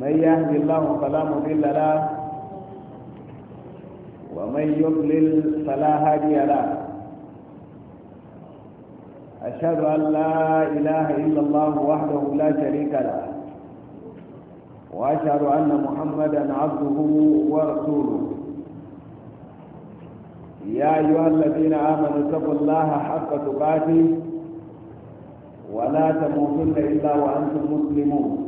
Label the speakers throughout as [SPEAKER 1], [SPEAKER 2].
[SPEAKER 1] من يهد الله فلا مضل له ومن يضلل فلا هادي له أشهد أن لا إله إلا الله وحده لا شريك له وأشهد أن محمدا عبده ورسوله يا أيها الذين آمنوا اتقوا الله حق تقاته ولا تموتن إلا وأنتم مسلمون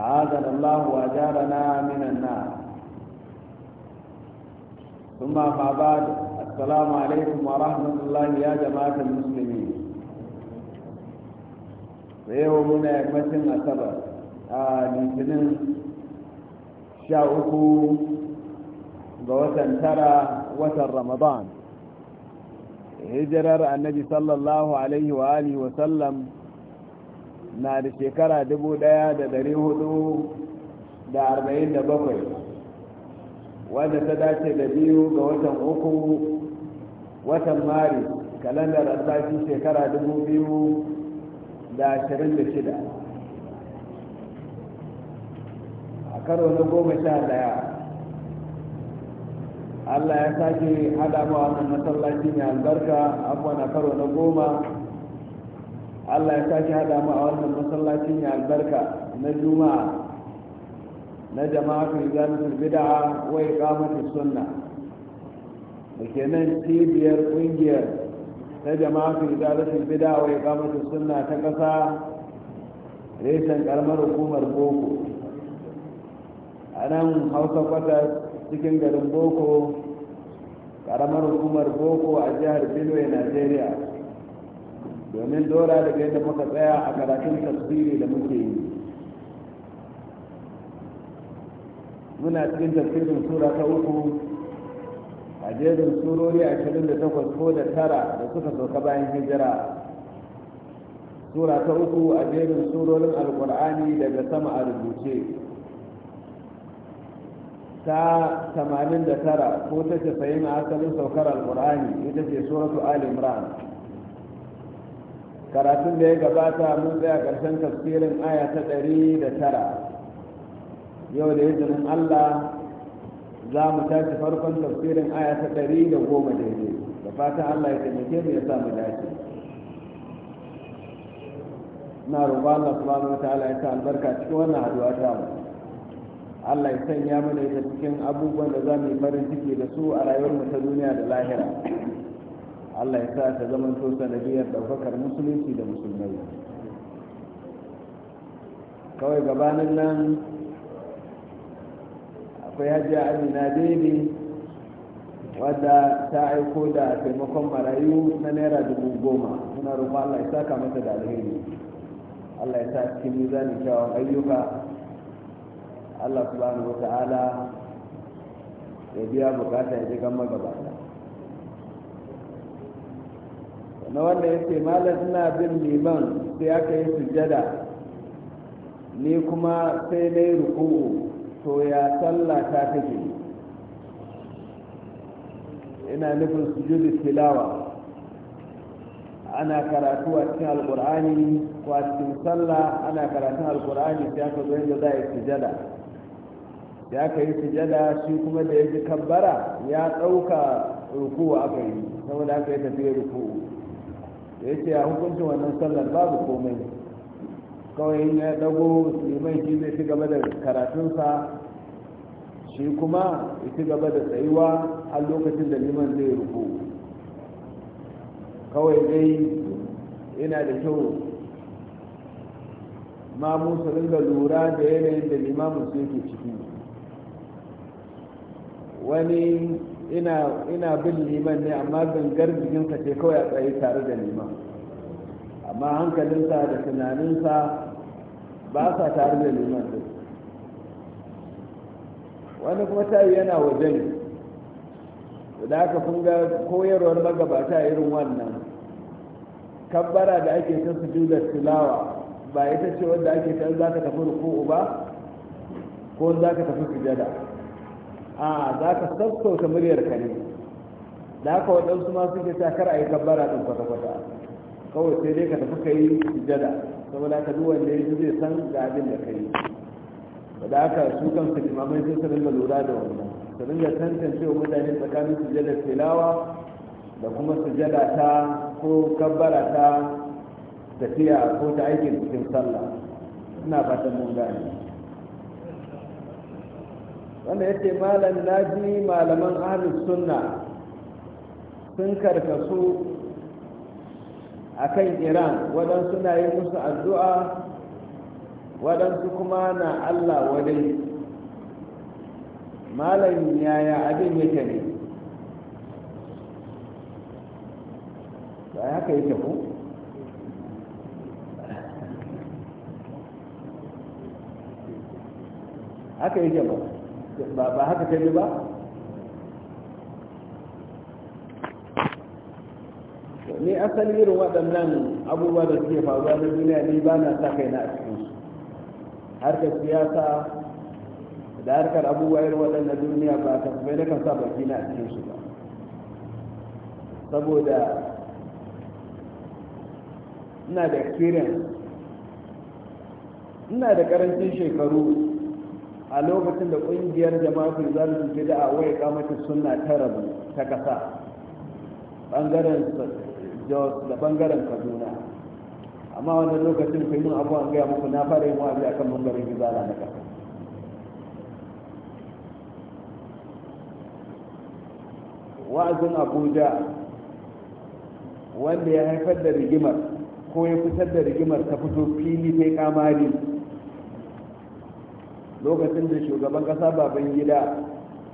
[SPEAKER 1] أعاذنا الله وأجارنا من النار ثم ما بعد السلام عليكم ورحمة الله يا جماعة المسلمين ويومنا يكمتن أسبر لسنين شاوكو ووتن ترى وتن رمضان hijirar annabi sallallahu alaihi wa alihi wa sallam na da shekara bakwai, wadda ta dace da biyu ga watan uku watan mari kalandar asafi shekara shida. a karo na goma sha daya allah ya sake hada mawa wannan masallaci mai albarka abuwa na karo na goma Allah ya sake hada mu a wannan masallacin ya albarka na juma'a na jama'a jama'atul zalatul bid'a wa iqamatu sunna da ke nan cibiyar kungiyar ta jama'atul zalatul bid'a wa iqamatu sunna ta kasa reshen karamar hukumar boko a nan hausa kwata cikin garin boko karamar hukumar boko a jihar benue nigeria domin dora daga yadda muka tsaya a karatun tafsiri da muke yi muna cikin tafsirin sura ta uku a jerin surori ashirin da takwas ko da tara da suka sauka bayan hijira sura ta uku a jerin surorin alkur'ani daga sama a rubuce ta tamanin da tara ko ta 90 a asalin saukar alkur'ani ita ce suratu al-imran karatun da ya gabata mun tsaya ƙarshen tafsirin aya ta ɗari da tara yau da izinin allah za mu tashi farkon tafsirin aya ta ɗari da goma daidai da fatan allah ya taimake mu ya sa mu dace na roba allah subhanahu wataala ya sa albarka cikin wannan haduwa ta mu allah ya sanya mana ita cikin abubuwan da za mu yi farin ciki da su a rayuwar mu ta duniya da lahira Allah ya sa ta zama to sanadiyar daukakar musulunci da musulmai kawai gabanin nan akwai hajiya amina daidai wadda ta aiko da taimakon marayu na naira dubu goma suna roƙon allah ya sa ka mata da alheri allah ya sa cikin mizanin kyawun ayyuka allah subhanahu wa ta'ala ya biya bukata ya ji gama gaba na wanda ya ce malam ina bin liman sai aka yi sujada ni kuma sai na yi ruku'u to ya sallah ta take ina nufin sujudu tilawa ana karatu a cikin alkur'ani ko a cikin sallah ana karatun alkur'ani sai aka zo yadda za a yi sujada Ya aka yi sujada shi kuma da ya ji kabbara ya ɗauka ruku'u aka yi saboda aka yi tafiya ruku'u da ya ce hukuncin wannan sallar babu komai kawai ya dago liman shi zai ci gaba da karatunsa shi kuma ya ci gaba da tsayuwa a lokacin da liman zai ruku kawai dai yana da kyau ma musu ringa lura da yanayin da limamin su yake ciki wani ina ina bin liman ne amma gangar jikinsa ce kawai a tsaye tare da liman amma hankalinsa da tunaninsa ba sa tare da liman din wani kuma yi yana wajen da aka funga koyarwar magabata irin wannan kabbara da ake ta da tilawa ba ita ce wanda ake ta za ka tafi ruku'u ba ko za ka tafi sujada a za ka sassauta muryar ka ne da haka waɗansu ma suke kar a yi kabbara ɗin kwata-kwata kawai sai dai ka tafi ka yi jada saboda ka duk wanda ya zai san ga abin da ka yi da haka su kansu limamai sai su da lura da wannan su rinka tantancewa mutane tsakanin sujada tilawa da kuma sujada ta ko kabbara ta tafiya ko ta aikin cikin sallah ina fatan mun gane wanda ya ce malam na ji malaman ahlus sunna sun karkasu a kan iran waɗansu na yi musu addu'a waɗansu kuma na allah wadai malam yaya abin yake ne ba haka yake ku haka yake ba ba haka kai ba ni asali irin waɗannan abubuwa da suke faruwa na duniya ni ba na sa na a cikin su harkar siyasa da harkar abubuwa irin waɗannan duniya ba ta kuma na kan sa baki na a cikin su ba saboda ina da experience ina da karancin shekaru a lokacin da ƙungiyar jama'atul zalimin da awai kamata sunna ta rabu ta kasa bangaren jos da bangaren kaduna amma wani lokacin kai mun abuwa gaya muku na fara yin wa'azi akan bangaren gizala na kasa wa'azin abuja wanda ya haifar da rigimar ko ya fitar da rigimar ta fito fili sai kamari lokacin da shugaban kasa baban gida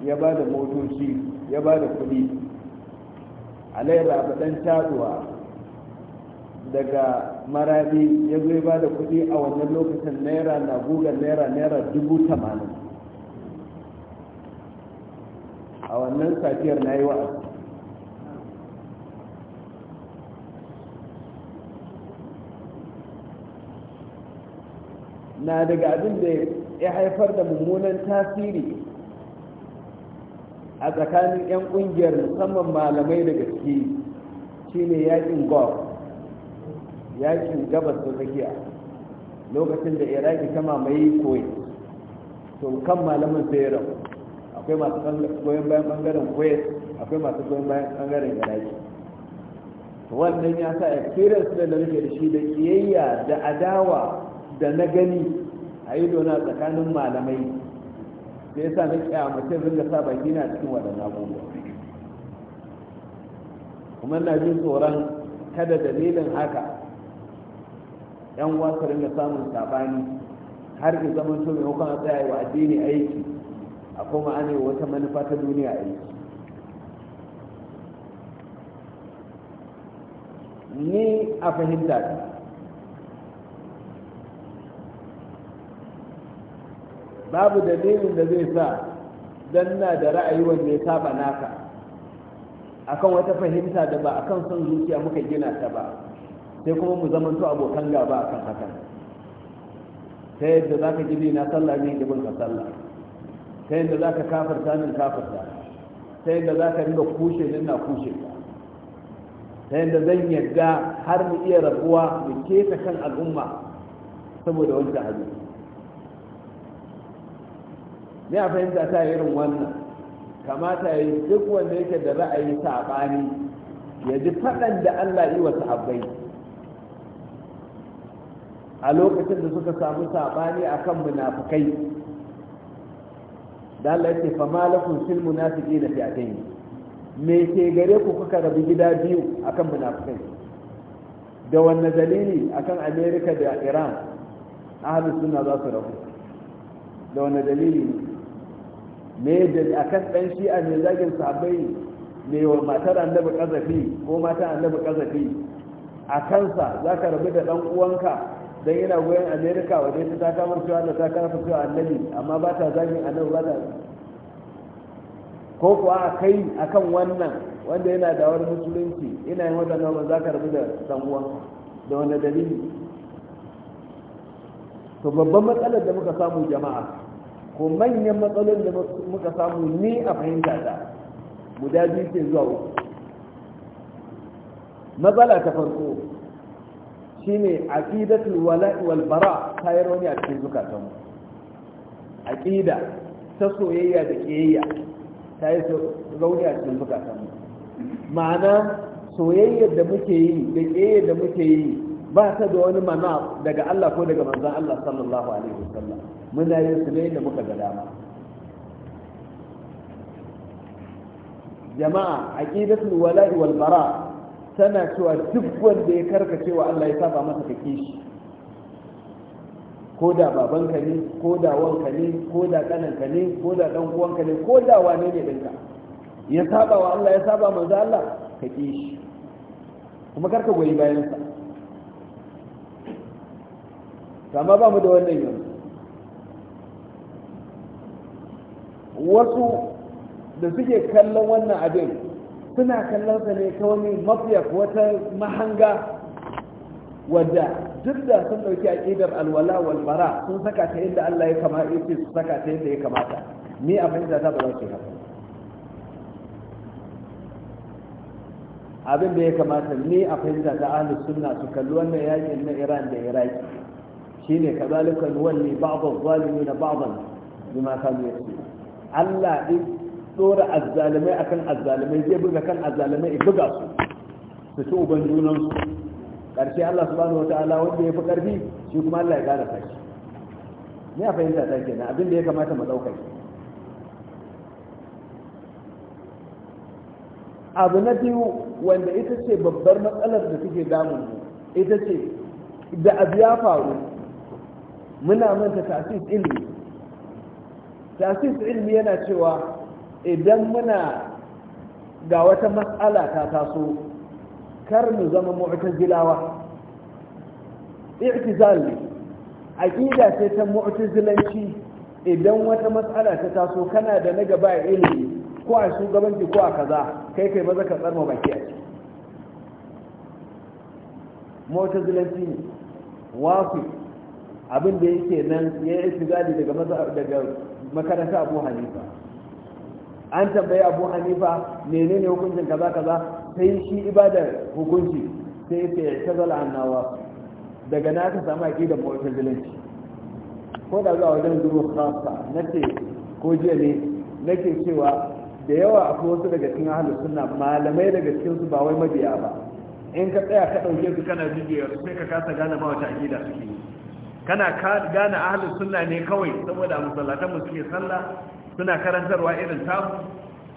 [SPEAKER 1] ya ba da motoci ya ba da kudi alayyar abadan taduwa daga marabi ya zo ba da kudi a wannan lokacin naira na gugan naira naira dubu tamanin a wannan safiyar na yi wa'azi na daga abin da ya haifar da mummunan tasiri a tsakanin 'yan ƙungiyar musamman malamai da gaske shine yakin gulf yakin gabas da tsakiya lokacin da iraki ta mamaye koyi to kan malamin tseren akwai masu goyon bayan bangaren kuwait akwai masu goyon bayan bangaren iraki wannan ya sa experience da na rike da shi da kiyayya da adawa da na gani a yi dona tsakanin malamai sai ya sa na kyamacin ringa sa baki na cikin waɗannan abubuwa kuma na jin tsoron kada dalilin haka yan uwa samun sabani har ki zaman to a tsaya wa addini aiki a kuma an yi wata manufa ta duniya aiki ni a fahimta ta babu dalilin da zai sa dan na da ra'ayi wanda ya saba naka akan wata fahimta da ba akan son zuciya muka gina ta ba sai kuma mu zama to abokan gaba akan hakan ta yadda za ka ji na sallah ne da ka sallah ta yadda za ka kafarta min kafarta ta yadda za ka kushe min na kushe ta yadda zan yadda har mu iya rabuwa mu keta kan al'umma saboda wancan hadisi ne a fahimta ta irin wannan kamata ya yi duk wanda yake da ra'ayi saɓani ya ji faɗan da allah yi wa sahabbai a lokacin da suka samu saɓani a kan munafukai da allah ce fa malakun fil munafiki na fi'atai me ke gare ku kuka rabu gida biyu akan munafukai da wanne dalili akan amerika da iran ahalus suna za su rabu da wani dalili me da akan dan a mai zagin sahabbai ne wa matar annabi kazafi ko matan annabi kazafi a kansa za ka rabu da dan uwanka dan yana goyon america waje ta ta kamar cewa da ta kafa cewa annabi amma ba ta zagin annabi ba ta ko kuwa a kai akan wannan wanda yana da wani musulunci ina yin wadannan ba za ka rabu da dan uwanka da wani dalili to babban matsalar da muka samu jama'a ko manyan matsalolin da muka samu ni a fahimta ta guda biyu ce zuwa uku matsala ta farko shi ne a wal bara ta yi rauni a cikin zukatanmu ƙida ta soyayya da kiyayya ta yi rauni a cikin zukatanmu ma'ana soyayyar da muke yi da kiyayyar da muke yi ba ta da wani mana daga Allah ko daga manzan Allah sallallahu alaihi wasallam muna yin su ne da muka ga dama jama'a aqidatul wala'i wal bara tana cewa duk wanda ya karkace wa Allah ya saba masa kake shi ko da babanka ne ko da wanka ne ko da kananka ne ko da dan uwanka ne ko da wane ne dinka ya saba wa Allah ya saba manzo Allah kake shi kuma karka goyi bayan sa amma ba mu da wannan yanzu wasu da suke kallon wannan abin suna kallon sa ne ta wani mafiya wata mahanga wadda duk da sun ɗauki aƙidar alwala wal bara sun saka ta inda Allah ya kamata yake su saka ta inda ya kamata ni a fahimta ta ba za ki haka abin da ya kamata ni a fahimta ta ahlus sunna su kalli wannan yakin na Iran da Iraki shine kazalika walli ba'd adh na ba'dan bima kanu yasbun Allah ɗin tsora azzalumai akan azzalumai zai buga kan azzalumai ya buga su su ci uban junansu ƙarshe Allah subhanahu wa ta'ala wanda ya fi ƙarfi shi kuma Allah ya ƙara fashi ni a fahimta ta kenan abin da ya kamata mu ɗauka abu na biyu wanda ita ce babbar matsalar da take damun mu ita ce da abu ya faru muna manta tasiri ilimi tasis ilmi yana cewa idan muna ga wata matsala ta taso kar mu zama mu'tazilawa i'tizal aqida ce ta mu'tazilanci idan wata matsala ta taso kana da na gaba ilimi ko a shugabanci ko a kaza kai kai maza ka tsarma baki a ciki mu'tazilanci ne wafi abin da yake nan ya yi daga daga makaranta abu hanifa an tambayi abu hanifa menene hukuncin kaza kaza sai shi ibadar hukunci sai ya ta zala annawa daga na ka samu aƙidar mu'tazilanci ko da zuwa wajen duru khassa nace ko jiya ne nake cewa da yawa akwai wasu daga cikin ahlus sunna malamai daga cikin su ba wai mabiya ba in ka tsaya ka dauke su kana bidiyo sai ka kasa gane ba wata aƙida suke yi kana gane ahalin sunna ne kawai saboda musallatan mu suke sallah suna karantarwa irin tamu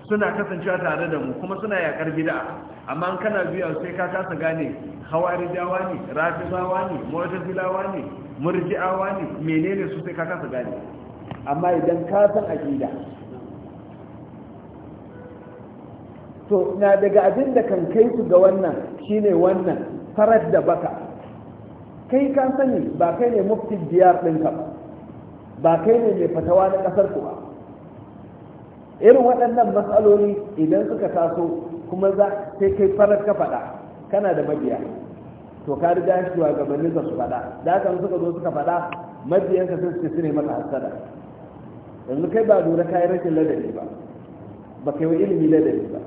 [SPEAKER 1] suna kasancewa tare da mu kuma suna yakar gida. amma kana biya sai ka kasa gane hawarijawa ne rafizawa ne mu'tazilawa ne murji'awa ne menene su sai ka kasa gane amma idan ka san aqida to na daga abin da kan kai su ga wannan shine wannan farar da baka kai ka sani ba kai ne muftin diyar ɗinka ba ba kai ne mai fatawa na ƙasar ku ba irin waɗannan matsaloli idan suka taso kuma za sai kai farar ka faɗa kana da mabiya to ka riga shi wa gabanin su faɗa da haka suka zo suka faɗa mabiyanka sun ce su ne maka hasada yanzu kai ba lura kayan rashin ladabi ba ba kai wa ilimi ladabi ba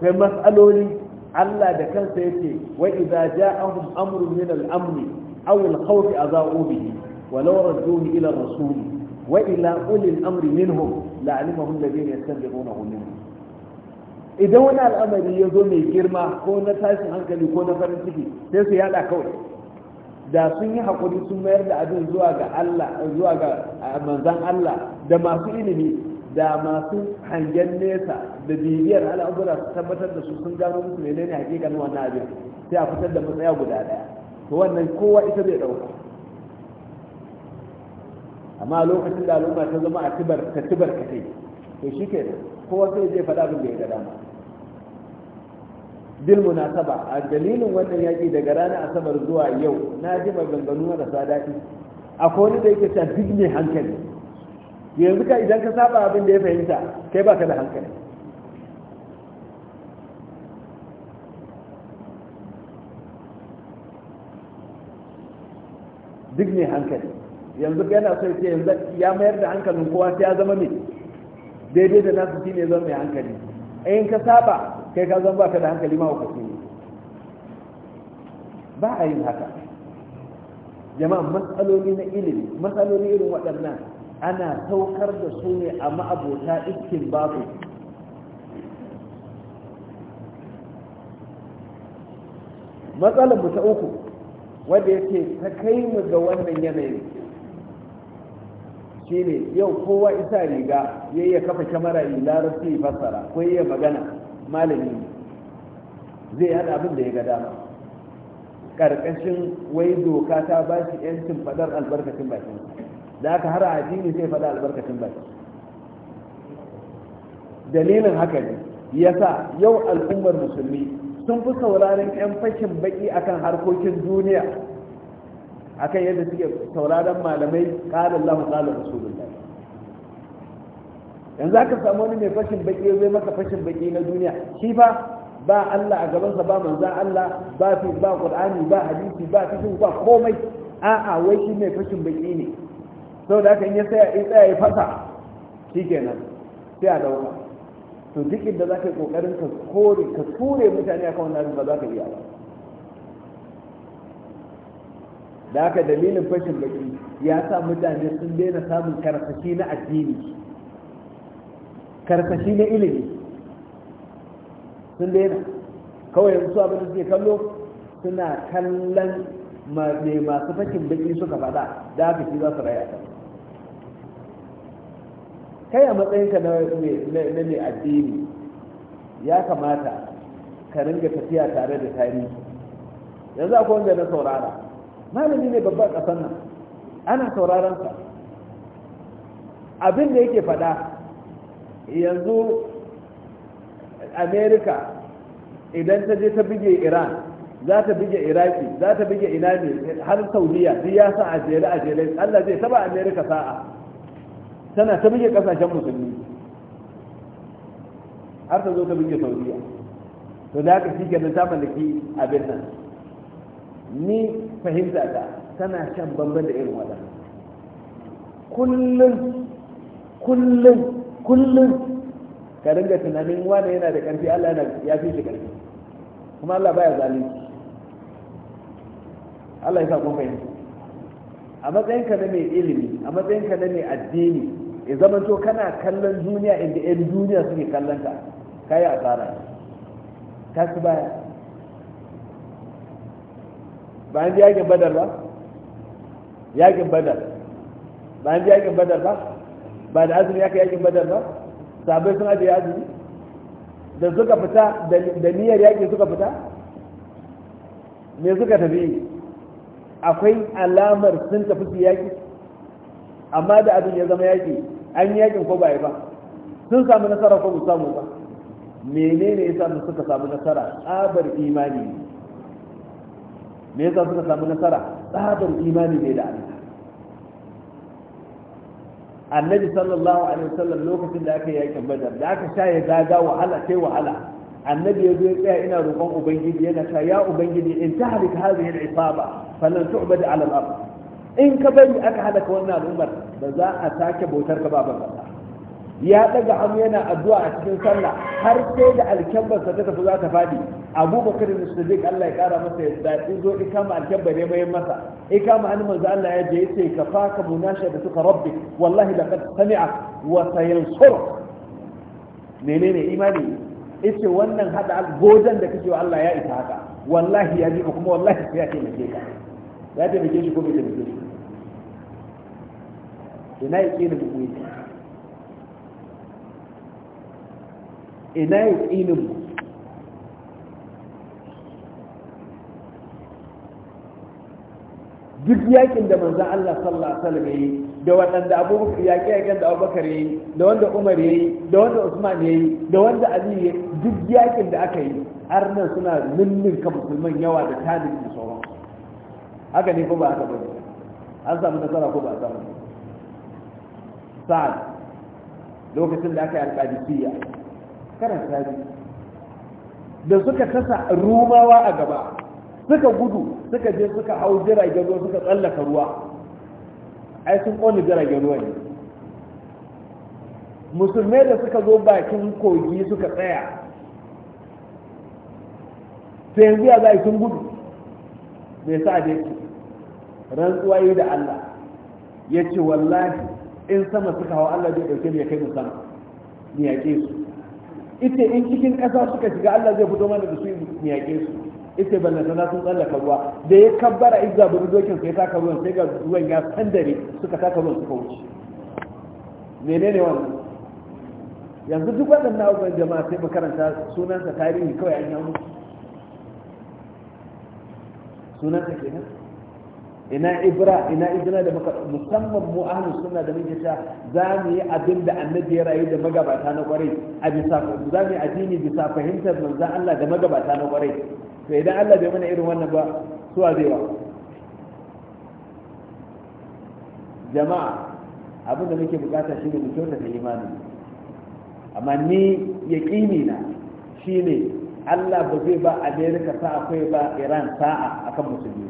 [SPEAKER 1] kai matsaloli Allah da kansa yake wai idza ja'ahum amrun min al-amn aw al-khawf adha'u bihi wa law radduhu ila ar-rasul wa ila ulil amri minhum la'alimahu alladhina yastanbitunahu minhum idan wani al'amari ya zo mai girma ko na tashin hankali ko na farin ciki sai su yada kawai da sun yi hakuri sun mayar da abin zuwa ga Allah zuwa ga manzan Allah da masu ilimi da masu hangen nesa da bibiyar abubuwa su tabbatar da su sun gano musu ne hakikan wannan abin sai a fitar da matsaya guda daya to wannan kowa ita zai dauka amma lokacin da al'umma ta zama a tibar ta tibar ka kai to shi ke kowa sai zai faɗa abin da ya ga dama bil munasaba a dalilin wannan yaƙi daga ranar asabar zuwa yau na ji maganganu marasa daɗi akwai wani da yake ta duk hankali yanzu ka idan ka saba abin da ya fahimta kai ba ka da hankali duk ne hankali yanzu yana so ce yanzu ya mayar da hankalin kowa sai ya zama mai daidai da nasu ne zama mai hankali in ka saba kai ka zama baka da hankali ma hukaci ne ba a yin haka jama'a matsaloli na ilimi matsaloli irin waɗannan ana saukar da su ne a ma'abota iskin babu matsalar mu ta uku wanda yake ta kai mu ga wannan yanayin shine yau kowa isa riga ya iya kafa kyamara yi larabci fassara ko iya magana malami zai hada abin da ya ga dama karkashin wai doka ta ba shi yancin fadar albarkacin bakin da aka har addini sai fada albarkacin bakin dalilin haka ne yasa yau al'ummar musulmi sun fi sauraron 'yan fashin baki akan harkokin duniya akan yadda suke sauraron malamai ƙalin lahu ƙalin rasulullahi yanzu aka samu wani mai fashin baki zai maka fashin baki na duniya shi fa ba Allah a gabansa ba manzan Allah ba fi ba Qur'ani ba hadisi ba ba komai a'a wai shi mai fashin baki ne saboda haka in ya tsaya ya fasa shikenan sai a dauka to duk inda za ka yi kokarin ka kore ka ture mutane a kawon abin ba za ka iya ba da haka dalilin fashin baki ya sa mutane sun daina samun karfashi na addini karfashi na ilimi sun daina kawai yanzu abin da suke kallo suna kallon mai masu fashin baki suka faɗa da haka shi za su raya ta kai a matsayinka na mai addini ya kamata ka ringa tafiya tare da tarihi yanzu akwai wanda na saurara malami ne babban ƙasar nan ana sauraron sa abin da yake faɗa yanzu america idan ta je ta bige iran za ta bige iraki za ta bige ina ne har saudiya duk ya sa ajiyar ajiyar allah zai taba america sa'a tana ta buge kasashen musulmi har ta zo ta buge saudiya to da haka shi kenan ta mallaki abin nan ni fahimta ta tana can bamban da irin waɗannan
[SPEAKER 2] kullum kullum kullum
[SPEAKER 1] ka dinga tunanin wani yana da ƙarfi Allah yana ya fi shi karfi kuma Allah baya zalunci Allah ya sa kun fahimta a matsayinka na mai ilimi a matsayinka na mai addini ya zamanto kana kallon duniya inda 'yan duniya suke kallon ka kayi asara ta su baya bayan da yakin badar ba yakin badar bayan da yakin badar ba ba da azumi yakin yakin badar ba sabai sun ajiye azumi da suka fita da niyyar yakin suka fita me suka tafi akwai alamar sun tafi su yaki amma da abin ya zama yaki an yi yakin ko ba ba sun samu nasara ko ba samu ba menene yasa mu suka samu nasara tsabar imani me yasa suka samu nasara tsabar imani ne da Allah annabi sallallahu alaihi wasallam lokacin da aka yi yakin badar da aka sha ya zaga wahala sai wahala annabi ya zo ya tsaya ina roƙon ubangiji yana cewa ya ubangiji in ta tahlik hadhihi al-isaba falan tu'bad ala al-ard in ka bari aka halaka wannan al'ummar ba za a sake bautar ka ba ban ya daga hannu yana addu'a a cikin sallah har sai da alkyambarsa ta tafi za ta fadi abubakar da sadiq allah ya kara masa ya daɗi zo ikama alkyambar ne mai masa ikama hannun manzo allah ya je yace ka fa ka munasha da suka rabbi wallahi da laqad sami'a wa sayansur menene imani yace wannan hada godan da kake wa allah ya isa haka wallahi ya ji kuma wallahi sai ya taimake ka ya taimake shi ko bai taimake shi ina yaqinin mu ina mu duk yakin da manzon Allah sallallahu alaihi wasallam yayi da waɗanda abubakar yaƙi yaƙin da Bakar yayi da wanda umar yayi da wanda usman yayi da wanda ali yayi duk yakin da aka yi har nan suna nunnun ka musulman yawa da tanin da sauran haka ne ko ba haka ba an samu nasara ko ba a samu sa'ad lokacin da aka yi alƙadisiyya karanta ne da suka tasa rumawa a gaba suka gudu suka je suka hau jiragen ruwa suka tsallaka ruwa ai sun ƙone jiragen ruwa ne musulmai da suka zo bakin kogi suka tsaya sai yanzu ya za sun gudu mai sa da yake rantsuwa yi da Allah ya ce wallahi in sama suka hawa Allah zai dauke mu ya kai mu sama ya ke su ita in cikin ƙasa suka shiga Allah zai fito mana da su ya ke su ita ban na sun tsallaka ruwa da ya kabbara izza bu dokin sai ka ruwan sai ga ruwan ya sandare suka ka ruwan suka wuce menene wannan yanzu duk waɗannan abubuwan jama'a sai mu karanta sunansa tarihi kawai an yi sunansa kenan ina ibra ina izina da muka musamman mu ahlus sunna da muke ta za mu yi abin da annabi ya rayu da magabata na kwarai a bisa za mu yi addini bisa fahimtar manzo Allah da magabata na kwarai to idan Allah bai mana irin wannan ba su a zaiwa jama'a abin da muke bukata shine mu kyautata imani amma ni yaqini na shine Allah ba zai ba America sa'a akwai ba Iran sa'a akan musulmi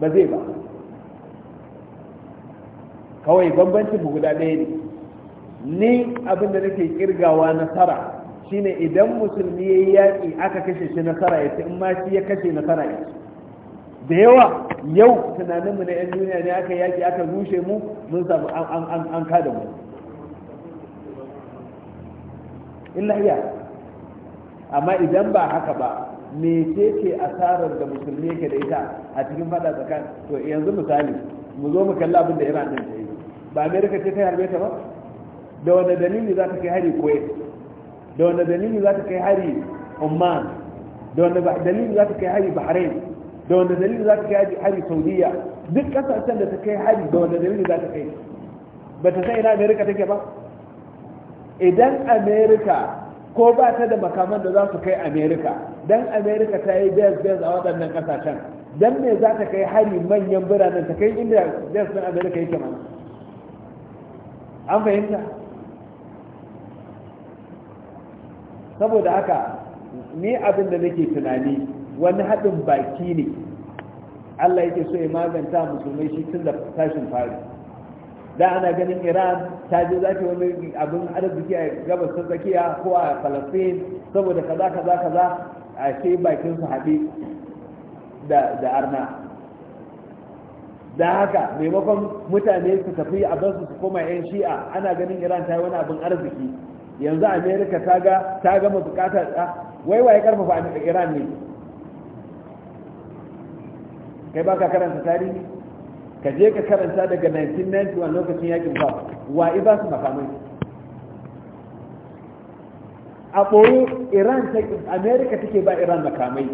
[SPEAKER 1] ba zai ba kawai bu guda ɗaya ne ni abin da nake kirgawa nasara shine idan musulmi ya yi yaƙi aka kashe shi nasara ya ce in ma shi ya kashe nasara ya ce da yawa yau tunaninmu na 'yan duniya ne aka yaki aka rushe mu mun samu an kada mu illa iya amma idan ba haka ba mece ce asarar da musulmi yake da ita a cikin fada tsakan to yanzu misali mu zo mu kalla abin da iran din ta yi ba amerika ce ta harbe ta ba da wanda dalili za ta kai hari koye da wanda dalili za ta kai hari umman da wanda dalili za ta kai hari bahrain da wanda dalili za ta kai hari saudiya duk kasashen da ta kai hari da wanda dalili za ta kai ba ta san ina amerika take ba idan amerika ko ba ta da makaman da za su kai amerika don amerika ta yi bez bez a waɗannan ƙasashen don me za ta kai hari manyan biranen ta kai inda bez ɗin amerika yake mana an fahimta saboda haka ni abin da nake tunani wani haɗin baki ne allah yake so ya maganta musulmai shi tun da tashin fari da ana ganin iran ta je za ta wani abin arziki a gabas ta tsakiya ko a falastin saboda kaza kaza kaza a ce bakin su haɗe da arna da haka maimakon mutane su tafi a basu su koma yan shi'a ana ganin iran ta yi wani abin arziki yanzu amerika ta ga ta gama bukatar ta wai wai karfafa iran ne kai baka karanta tarihi ka je ka karanta daga 1991 lokacin yakin ba wa ba su makamai a ɓoyi iran ta amerika take ba iran makamai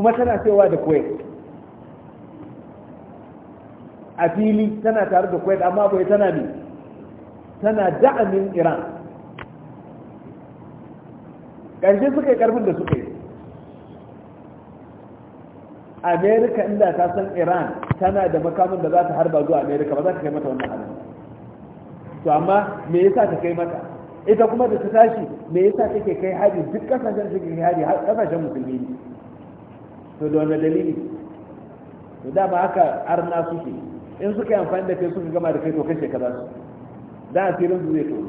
[SPEAKER 1] kuma tana cewa da kuwait a fili tana tare da kuwait amma bai tana ne tana da'amin iran ƙarshe suka yi ƙarfin da suka yi amerika inda ta san iran tana da makamin da za ta harba zuwa amerika ba za ta kai mata wannan halin to amma me yasa ta kai mata ita kuma da ta tashi me yasa take kai hari duk kasashen suke kai hari har kasashen musulmi ne to da wani dalili to dama haka arna suke in suka yi amfani da kai suka gama da kai to kai shekara su da asirin su zai tono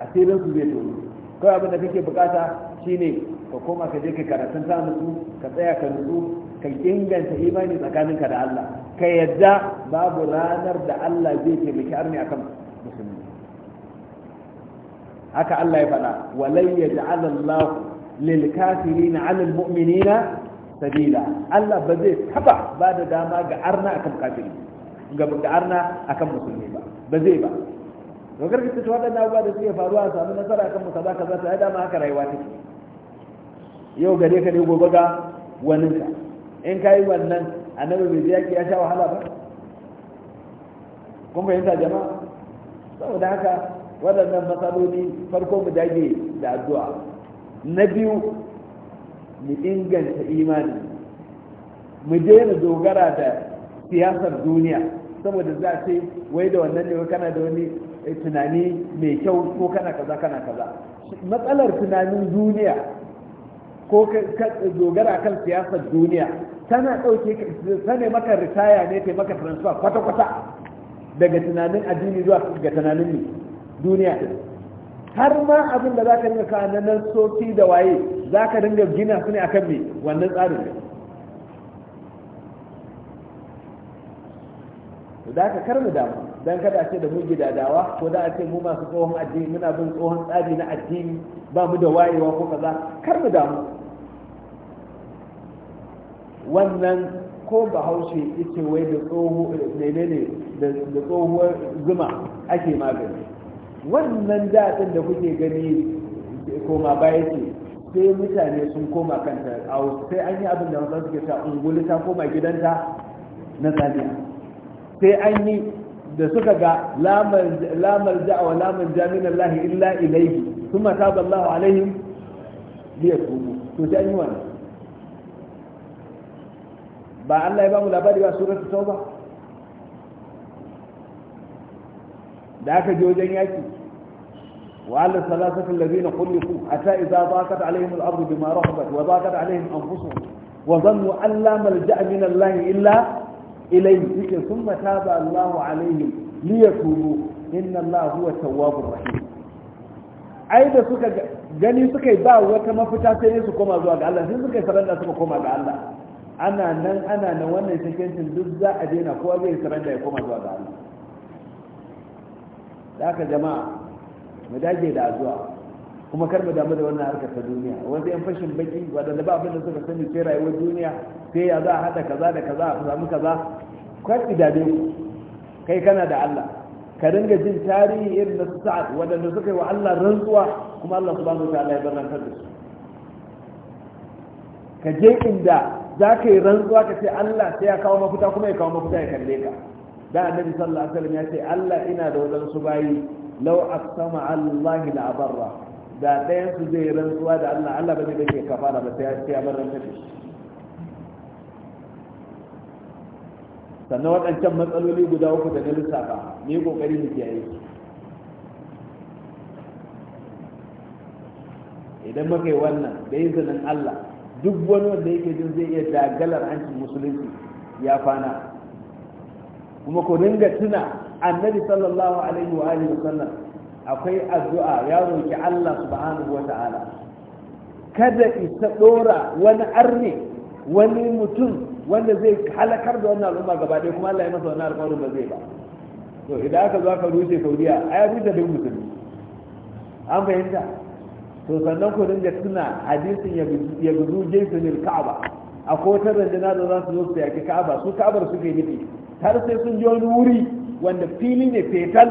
[SPEAKER 1] asirin su zai tono kawai abin da kake bukata shine ka koma ka je ka karatun ta mutu ka tsaya ka nutsu ka inganta imani tsakaninka da Allah ka yadda babu ranar da Allah zai taimaki arni akan musulmi haka Allah ya faɗa walai yaj'al Allah lil kafirin 'ala al mu'minina sabila Allah ba zai taba ba da dama ga arna akan kafiri ga arna akan musulmi ba ba zai ba to gargaɗi ta waɗannan abubuwa da suke faruwa a samu nasara akan musa ba ka za ta ya dama haka rayuwa take yau gare ka ne gobe ga waninka in ka yi wannan annabi bai biya yaki ya sha wahala ba kun fahimta jama'a saboda haka waɗannan matsaloli farko mu dage da addu'a na biyu mu inganta imani mu daina dogara da siyasar duniya saboda za a ce wai da wannan ne kana da wani eh, tunani mai kyau ko kana kaza kana kaza matsalar tunanin duniya ko dogara kan siyasar duniya tana ɗauke ka sane maka ritaya ne ta maka transfer kwata-kwata daga tunanin addini zuwa ga tunanin ne duniya har ma abin da za ka dinga kawo nan soki da waye za ka dinga gina su ne akan me wannan tsarin ne da ka karmi damu don kada a ce da mu gidadawa ko da a ce mu masu tsohon addini muna bin tsohon tsari na addini ba mu da wayewa ko kaza karmi damu wannan ko bahaushe ita wai da tsoho ne da tsohuwar zuma ake magani wannan daɗin da kuke gani koma baya ce sai mutane sun koma kanta a sai an yi abin da wasu suke ta unguli ta koma gidanta na saniya sai an yi da suka ga lamar da'awa lamar jami'in Allah illa ilaihi kuma taballahu alaihim liya tubu to sai an yi wannan ba Allah ya ba mu labari ba suratul tauba da aka ji wajen yaki wa alla salasatul ladina qulifu ata idza daqat alaihim al-ard bima rahabat wa daqat alaihim anfusuhum wa dhannu an la malja'a min Allah illa ilayhi thumma taba Allah alaihim liyatubu inna Allah huwa tawwabur rahim ai da suka gani suka yi ba wata mafita sai su koma zuwa ga Allah sai suka yi saranda suka koma ga Allah ana nan ana nan wannan shakkencin duk za a daina kowa zai da ya koma zuwa ga da aka jama'a mu dage da addu'a kuma kar mu damu da wannan harkar ta duniya wanda yan fashin baki wadanda ba abin da suka sani sai rayuwar duniya sai ya za a hada kaza da kaza a samu kaza kar idade kai kana da Allah ka dinga jin tarihi irin na sa'ad wadanda suka yi wa Allah rantsuwa kuma Allah subhanahu ta'ala ya barantar da su ka je inda za ka yi rantsuwa ka ce Allah sai ya kawo mafita kuma ya kawo mafita ya kalle ka da annabi sallallahu alaihi wasallam ya ce Allah ina da su bayi law aqsama Allah la barra da ɗayan su zai rantsuwa da Allah Allah ba zai dake kafara ba sai ya bar rantsa shi sannan waɗancan matsaloli guda uku da na lissafa ni kokari mu kiyaye idan muka yi wannan da izinin Allah duk wani wanda yake jin zai iya dagalar hancin musulunci ya fana kuma ku dinga tuna annabi sallallahu alaihi wa alihi wasallam akwai addu'a ya roki Allah subhanahu wata'ala kada isa dora wani arne wani mutum wanda zai halakar da wannan al'umma gaba ɗaya kuma Allah ya masa wannan alƙawarin ba zai ba to idan aka zo aka rushe Saudiya ai rushe duk musulmi an fahimta to sannan ku dinga tuna hadisin ya guzu ka'aba a kotar randana da za su zo su yaki ka'aba su ka'abar suke nufi har sai sun je wani wuri wanda fili ne fetal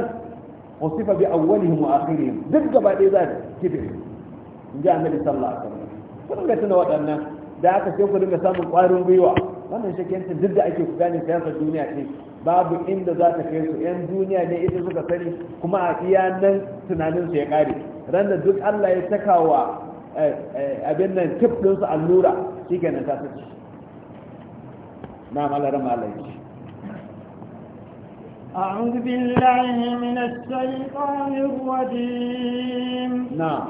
[SPEAKER 1] usifa bi awwalihim wa akhirihim duk gaba ɗaya za su kife in ji annabi sallallahu alaihi wasallam ku dinga tuna waɗannan da aka sai ku dinga samun ƙwarin gwiwa wannan shakiyancin duk da ake ku gane siyasar duniya ce babu inda za ta kai su 'yan duniya ne ita suka sani kuma a iya nan tunaninsu ya kare. randa duk Allah ya takawa eh, eh, abin nan tif ɗinsu allura shi kenan ta sace na malarar malayi
[SPEAKER 2] أعوذ بالله من الشيطان الرجيم نعم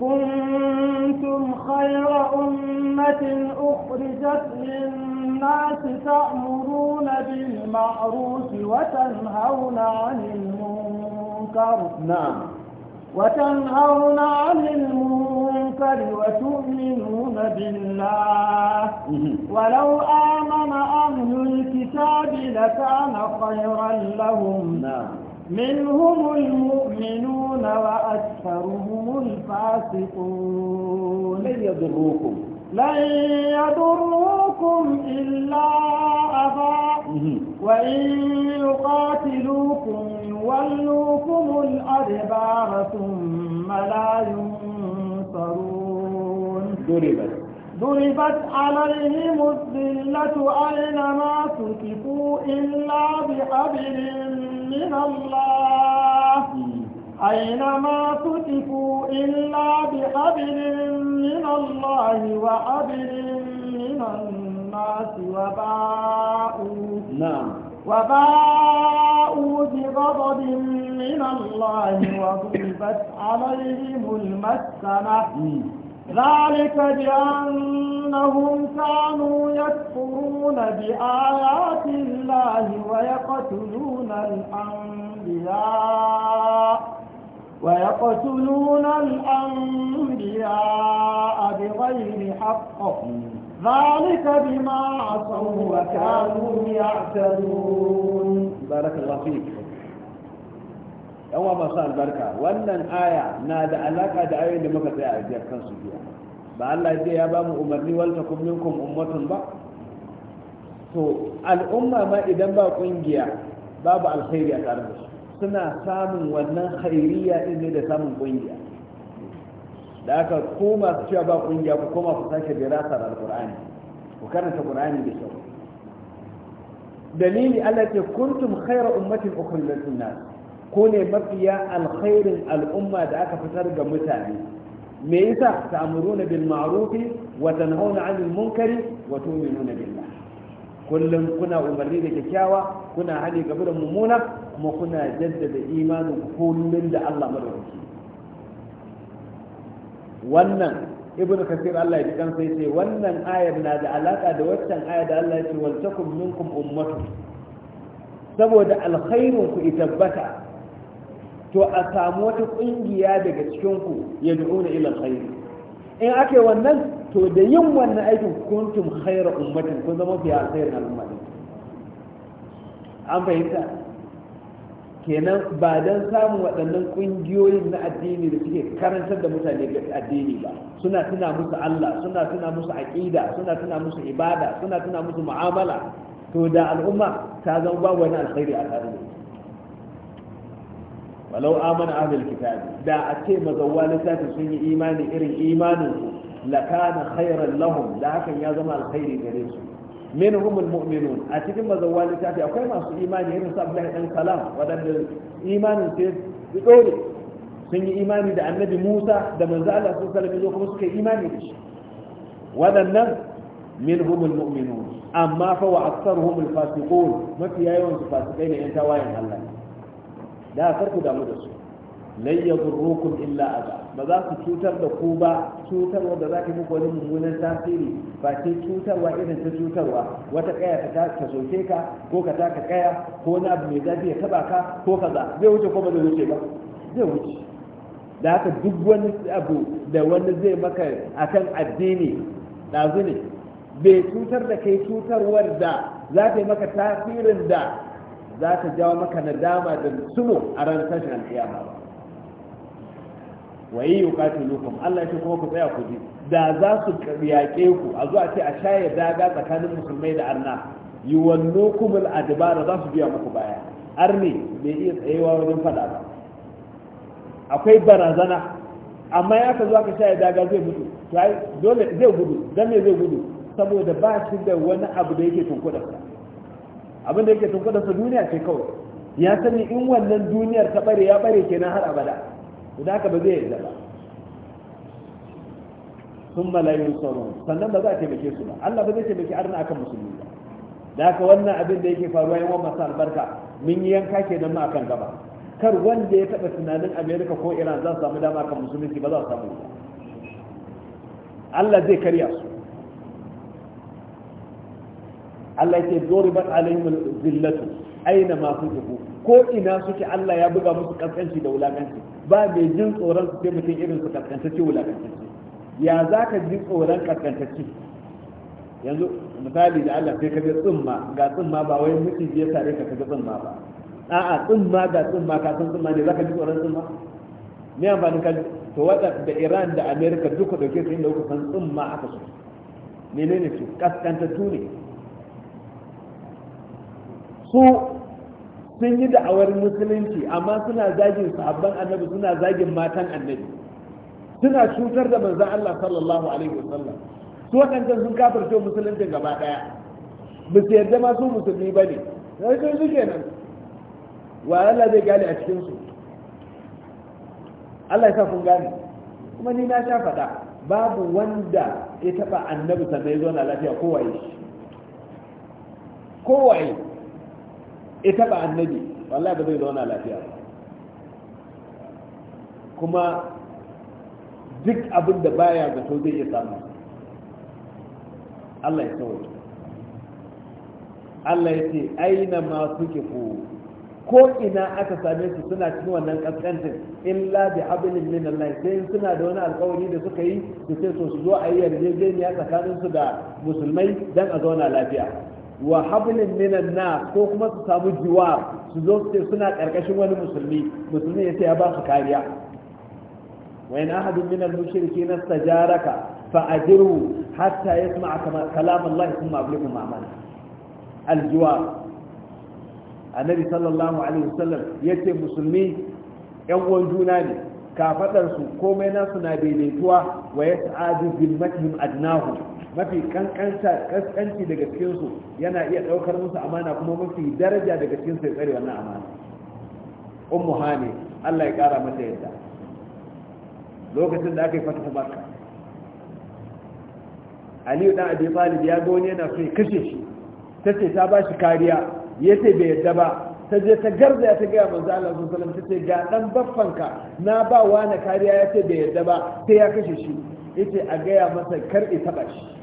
[SPEAKER 2] كنتم خير أمة أخرجت للناس تأمرون بالمعروف وتنهون عن المنكر نعم وتنهون عن المنكر وتؤمنون بالله ولو آمن أهل الكتاب لكان خيرا لهم نعم. منهم المؤمنون وأكثرهم الفاسقون لن
[SPEAKER 1] يضروكم
[SPEAKER 2] لن يضروكم إلا أبا وإن يقاتلوكم الأدبار ثم لا ينصرون ضربت ضربت عليهم الذلة أينما تكفوا إلا بحبل من الله أينما تكفوا إلا بحبل من الله وحبل من الناس وباءوا نعم وباءوا بغضب من الله وضربت عليهم المسكنة ذلك بأنهم كانوا يكفرون بآيات الله ويقتلون الأنبياء ويقتلون الأنبياء بغير حق ذلك بما عصوا وكانوا يعتدون
[SPEAKER 1] بارك الله فيك yawa su albarka wannan aya na da alaka da ayoyin da muka tsaya a jiyar kansu biya ba Allah ce ya ba mu umarni wal takum minkum ummatun ba to al'umma ma idan ba kungiya babu alkhairi a tare da su suna samun wannan khairiyya din ne da samun kungiya da aka ko masu cewa ba kungiya ku koma ku sake al alqur'ani ku karanta qur'ani da kyau dalili Allah ce kuntum khayra ummatin ukhrijat lin-nas ku ne mafiya alkhairin al'umma da aka fitar ga mutane me yasa ta'muruna bil ma'ruf wa tanhauna 'anil munkari wa tu'minuna billah kullum kuna umarni da kyakkyawa kuna hali gaba da mummuna kuma kuna jaddada imanin kullum da Allah madaukaki wannan ibn kasir Allah ya kan sai ce wannan ayar na da alaka da waccan ayar da Allah ya ce wal takum minkum ummatu saboda alkhairun ku itabbata to a samu wata kungiya daga cikin ku yad'una ila alkhair in ake wannan to da yin wannan aikin kuntum khayra ummatin kun zama fi alkhairin al'umma an fahimta kenan ba don samun waɗannan ƙungiyoyin na addini da suke karantar da mutane ga addini ba suna tuna musu Allah suna tuna musu aƙida suna tuna musu ibada suna tuna musu mu'amala to da al'umma ta zama babu wani alkhairi a tare da walau amana ahlul kitabi da a ce mazawwa littafin sun yi imani irin imanin su lakana khairan lahum da hakan ya zama alkhairi gare su min humul mu'minun a cikin mazawwan littafi akwai masu imani irin sa Abdullahi dan Salam wadanda imanin su dore sun yi imani da Annabi Musa da manzo Allah sallallahu alaihi wasallam kuma suka imani da shi wadannan min humul mu'minun amma fa wa aktsaruhum al-fasiqun mafi yawan su fasikai ne yan tawayen Allah da karku da mu da su lay yadurrukum illa azab ba za su cutar da ku ba cutarwa da za ta muku wani mummunan tasiri ba ce cutarwa irin ta cutarwa wata kaya ta ta soke ka ko ka taka kaya ko wani abu mai zafi ya taba ka ko kaza zai wuce ko ba zai wuce ba zai wuce da haka duk wani abu da wani zai maka akan addini ɗazu ne bai cutar da kai cutarwar da za ta yi maka tasirin da za ta jawo maka nadama da suno a ran tashin alƙiyama ba waye yuqatilukum Allah ya kuma ku tsaya ku ji da za su yaƙe ku a zuwa ce a shaye daga tsakanin musulmai da arna yuwannukum a dabara za su biya muku baya arni bai iya tsayewa wajen fada ba akwai barazana amma ya ka zo ka shaye daga zai gudu. to ai dole zai gudu dan me zai gudu saboda ba shi da wani abu da yake sa abin da yake sa duniya ce kawai ya sani in wannan duniyar ta bare ya bare kenan har abada Idan aka ba zai yarda ba sun malayin sauran sannan ba za a taimake su ba Allah ba zai taimake arna akan musulmi ba da haka wannan abin da yake faruwa yawan masu albarka mun yi yanka ke nan ma akan gaba kar wanda ya taɓa tunanin amerika ko iran za su samu dama akan musulunci ba za su samu ba Allah zai karya su Allah ya ce zoribat alaihim zillatu aina ma sun ko ina suke Allah ya buga musu kaskanci da wulakanci ba mai jin tsoron su sai mutum irin su kaskantacce wulakantacce ya za ka ji tsoron kaskantacce yanzu misali da Allah sai ka ga tsumma ga tsumma ba wai mutum ya sare ka ga tsumma ba a'a tsumma ga tsumma ka san tsumma ne za ka ji tsoron tsumma me amfanin ka to wata da Iran da America duka dauke su inda kuka san tsumma aka so menene su kaskantattu ne su sun yi da'awar musulunci amma suna zagin sahabban annabi suna zagin matan annabi suna cutar da manzan Allah sallallahu alaihi wasallam su waɗancan sun kafarce musulunci gaba ɗaya ba su yarda ma su musulmi ba ne sai sun su kenan wa Allah zai gane a cikin su Allah ya sa kun gane kuma ni na sha faɗa babu wanda ya taɓa annabi sannan ya zo na lafiya kowaye kowaye ita ba annabi wallahi ba zai zauna lafiya kuma duk abin da baya to zai iya samu Allah ya sauke Allah ya ce aina ma suke ko ko ina aka same su suna cikin wannan kaskantin illa bi hablin min Allah sai suna da wani alƙawari da suka yi su sai su zo a yi yarjejeniya tsakanin su da musulmai dan a zauna lafiya wa hablin minan na ko kuma su samu jiwa su zo su ce suna karkashin wani musulmi musulmi ya ce ya ba su kariya wa in ahadun minal mushrikin istajaraka fa ajiru hatta yasma'a kalam thumma ablighu ma'amala aljiwa annabi sallallahu alaihi wasallam yace musulmi yan uwan juna ne kafadarsu komai nasu na daidaituwa wa yas'adu bil matihim adnahu mafi kankanta kaskanci daga cikinsu yana iya ɗaukar musu amana kuma mafi daraja daga cikinsu ya tsare wannan amana ummu hani Allah ya kara mata yadda lokacin da aka yi fatahu makka aliyu dan abi talib ya ga wani yana so ya kashe shi tace ta ba shi kariya yace bai yadda ba ta je ta garza ta gaya manzo Allah sallallahu alaihi wasallam tace ga dan baffanka na ba wani kariya yace bai yadda ba sai ya kashe shi yace a gaya masa kar i taba shi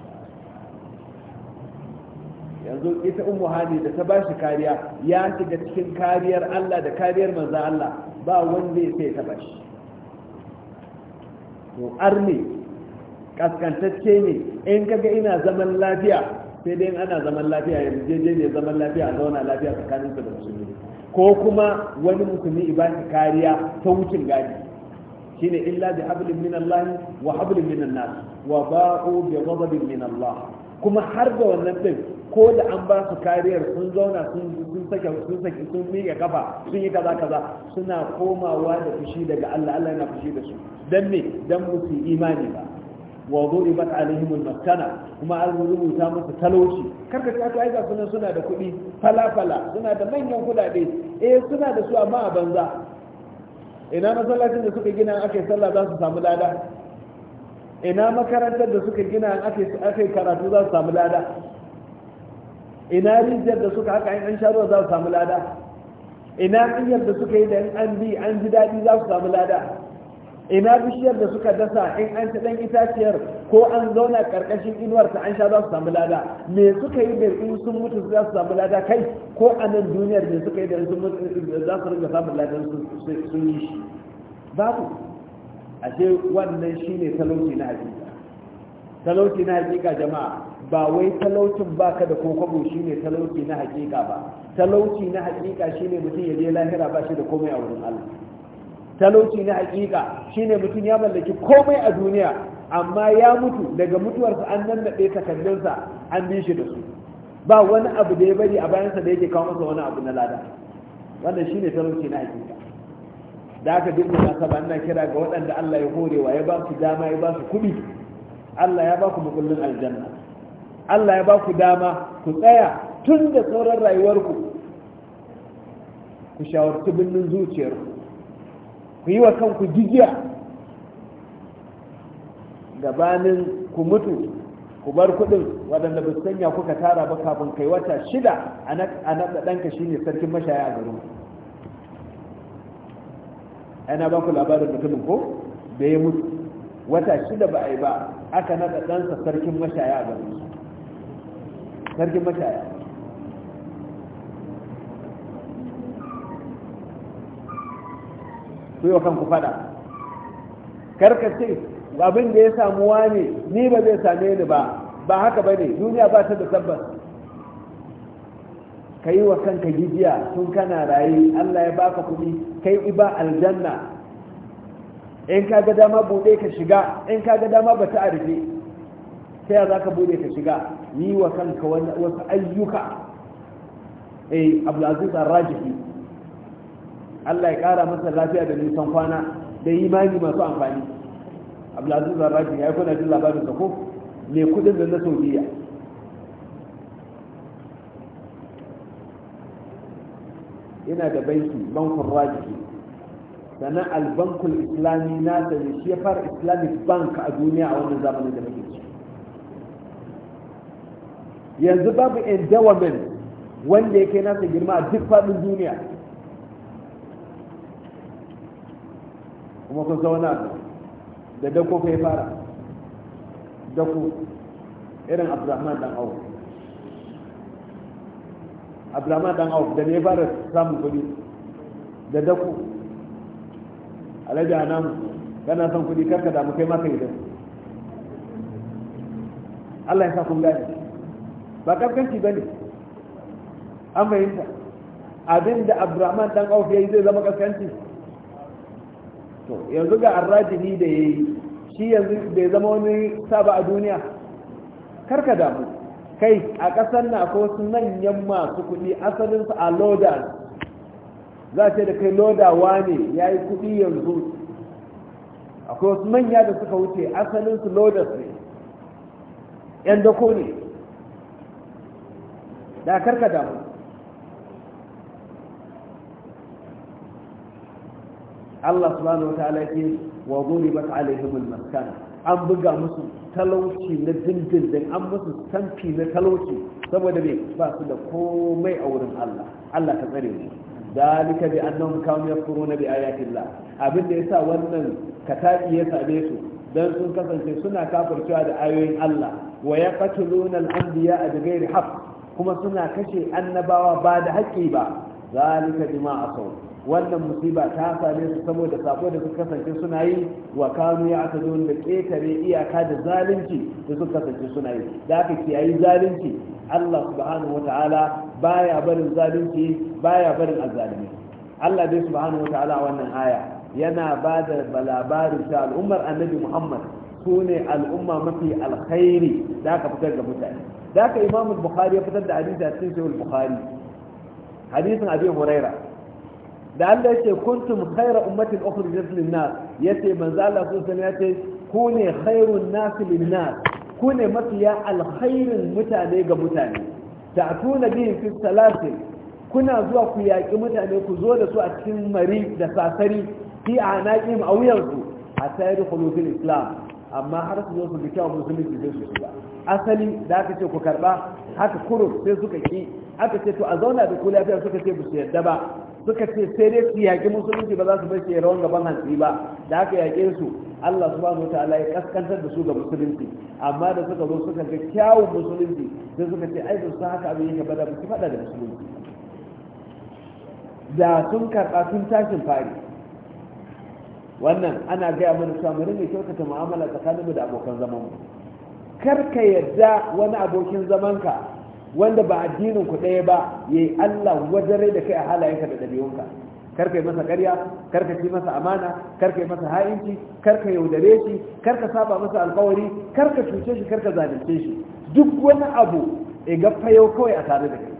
[SPEAKER 1] yanzu ita ummu hani da ta bashi kariya ya shiga cikin kariyar Allah da kariyar manzo Allah ba wanda ya ta bashi to arni kaskantacce ne in kaga ina zaman lafiya sai dai ana zaman lafiya yanzu je ne zaman lafiya a zauna lafiya tsakanin da musulmi ko kuma wani musulmi ibaki kariya ta wucin gadi shine illa bi hablin min Allah wa hablin min nas wa ba'u bi ghadabin min Allah kuma har da wannan din ko da an ba su kariyar sun zauna sun sake sun sake sun miƙe kafa sun yi kaza kaza suna komawa da fushi daga Allah Allah yana fushi da su dan me dan musu imani ba wa bat alaihim al-maskana kuma an rubuta musu talauci karka ta kai ga sunan suna da kuɗi fala fala suna da manyan kuɗaɗe eh suna da su amma a banza ina masallacin da suka gina ake sallah za su samu lada ina makarantar da suka gina ake karatu za su samu lada ina rijiyar da suka haka in an sha ruwa za su samu lada ina ƙiyar da suka yi da in an bi an ji daɗi za su samu lada ina bishiyar da suka dasa in an ci ɗan itaciyar ko an zauna ƙarƙashin inuwar ta an sha za su samu lada me suka yi da in sun mutu za su samu lada kai ko a nan duniyar me suka yi da sun mutu za su rinka samun lada sun yi shi babu ashe wannan shi ne talauci na hakika talauci na hakika jama'a ba wai talaucin baka da kokobo shine talauci na hakika ba talauci na hakika shine mutum ya je lahira ba shi da komai a wurin Allah talauci na hakika shine mutum ya mallaki komai a duniya amma ya mutu daga mutuwarsa an nan da an bi shi da su ba wani abu da ya bari a bayansa da yake kawo masa wani abu na lada wannan shine talauci na hakika da aka duk nasa saba ina kira ga waɗanda Allah ya horewa ya ba su dama ya ba su kuɗi Allah ya ba ku mukullin aljanna Allah ya ba ku dama ku tsaya tun da sauran rayuwarku ku shawarci birnin zuciyarku ku yi wa kanku jijiya gabanin ku mutu ku bar kudin waɗanda ba sanya kuka tara ba kafin kai wata shida a naɗa ɗanka shine sarkin mashaya a garin ana ba ku labarin mutumin ko da ya mutu wata shida ba a yi ba aka naɗa ɗansa sarkin mashaya a garin sarkin mashaya su yi wa kanku fada karkace ce abin ya samu wani ni ba zai same ni ba ba haka ba ne duniya ba ta da tabbas ka yi wa kanka gijiya tun kana rayu allah ya baka kuɗi kai iba aljanna in ka ga dama buɗe ka shiga in ka ga dama ba ta rufe. ta yaya ka bude ka shiga yi wa kanka wasu ayyuka eh abdulaziz ar Allah ya kara masa lafiya da nisan kwana da imani masu amfani abdulaziz ar-rajihi ya kuna jin labarin sa ko mai kudin da na saudiya yana da banki bankun rajihi sannan albankul islami na da shi ya fara islamic bank a duniya a wannan zamanin da muke yanzu babu endowment wanda yake nasa girma a duk faɗin duniya kuma kun zauna da dako kai fara dako irin abdulrahman dan awon abdulrahman dan awon da ne fara samun kuɗi da dako alhaji anamu kana son kuɗi karka damu kai maka idan Allah ya sa kun gani ba kafkanci ba ne an fahimta abin da abdurrahman dan auf ya yi zai zama kaskanci to yanzu ga arrajini da ya yi shi yanzu bai zama wani saba a duniya karka damu kai a ƙasar na ko wasu manyan masu kuɗi asalinsu a loda za ce da kai lodawa ne ya yi kuɗi yanzu akwai wasu manya da suka wuce asalinsu lodas ne yan dako ne da karka damu Allah subhanahu wa ta'ala ke wa duribat alaihim al an buga musu talauci na dindindin an musu sanfi na talauci saboda me ba su da komai a wurin Allah Allah ka tsare mu dalika bi annahum kanu yakfuruna bi ayati Allah abin da yasa wannan kataki ya same su dan sun kasance suna kafircewa da ayoyin Allah wa yaqtuluna al a bi ghairi haqq kuma suna kashe annabawa ba da haƙƙi ba zalika a sau wannan musiba ta same su saboda sako da suka kasance suna yi wa kanu ya aka zo da ƙetare iyaka da zalunci da suka kasance suna yi da aka kiyayi zalunci Allah subhanahu wataala baya barin zalunci baya barin azzalimi Allah dai subhanahu wataala wannan aya yana ba da labarin ta al'ummar annabi Muhammad su ne al'umma mafi alkhairi da aka fitar ga mutane da ka imam bukhari ya fitar da hadisi a cikin sahih bukhari hadisin abi huraira da Allah yace kuntum khayra ummatin ukhrijat lin-nas yace manzo Allah sun sani yace kune ne khairun nas lin-nas mafiya alkhairin mutane ga mutane ta'tuna bihim fi salasil kuna zuwa ku yaƙi mutane ku zo da su a cikin mari da sasari fi anaqim a wuyansu a sayar da islam amma har su zo su bi musulunci sai su shiga asali da aka ce ku karba haka kuro sai suka ki aka ce to a zauna da ku lafiya suka ce ba su yadda ba suka ce sai dai su yaƙi musulunci ba za su bace rawan gaban hantsi ba da aka yaƙe su Allah subhanahu wataala ya kaskantar da su ga musulunci amma da suka zo suka ga kyawun musulunci sai suka ce ai su haka abin yake ba da su faɗa da musulunci da sun karɓa sun tashin fari wannan ana gaya mana cewa mu rinka kyautata mu'amala tsakaninmu da abokan zamanmu karka yadda wani abokin zamanka wanda ba addinin ku ɗaya ba yayi Allah wajare da kai a halayenka da ɗabi'unka karka yi masa ƙarya karka ci masa amana karka yi masa ha'inci karka yaudare shi karka saba masa alkawari karka cuce shi karka zalunce shi duk wani abu ya ga fayau kawai a tare da kai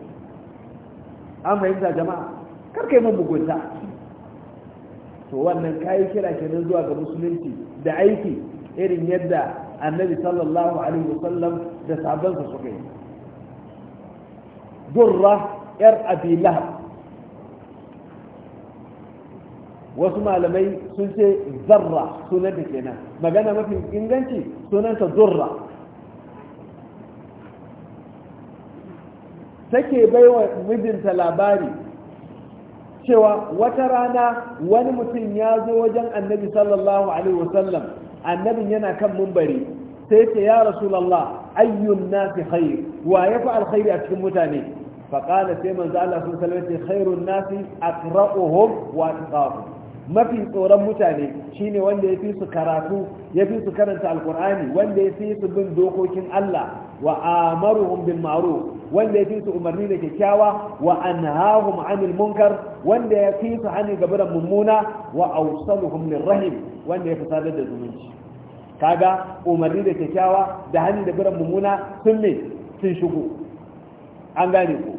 [SPEAKER 1] an fahimta jama'a karka yi min mugunta to wannan kayi kira kenan zuwa ga musulunci da aiki irin yadda annabi sallallahu alaihi wasallam da sabansa su yi durra yar abilah wasu malamai sun ce zarra sunan da kenan magana mafi inganci sunanta durra take baiwa mijinta labari cewa wata rana wani mutum ya zo wajen annabi sallallahu alaihi wasallam annabin yana kan mumbari sai ce ya rasulallah ayyun nasi khair wa yafi alkhairi a cikin mutane fa sai manzo Allah sun sallallahu alaihi khairun nasi aqra'uhum wa atqahum mafi tsoron mutane shine wanda ya fi su karatu ya fi su karanta alkur'ani wanda ya fi su bin dokokin Allah wa amaruhum bil ma'ruf wanda ya fi su umarni da kyakkyawa wa anhahum anil munkar wanda ya fi su hani gaburan mummuna wa awsaluhum lir rahim wanda ya fasadar da zumunci kaga umarni da kyakkyawa da hani da biran mummuna sun ne sun shigo an gane ku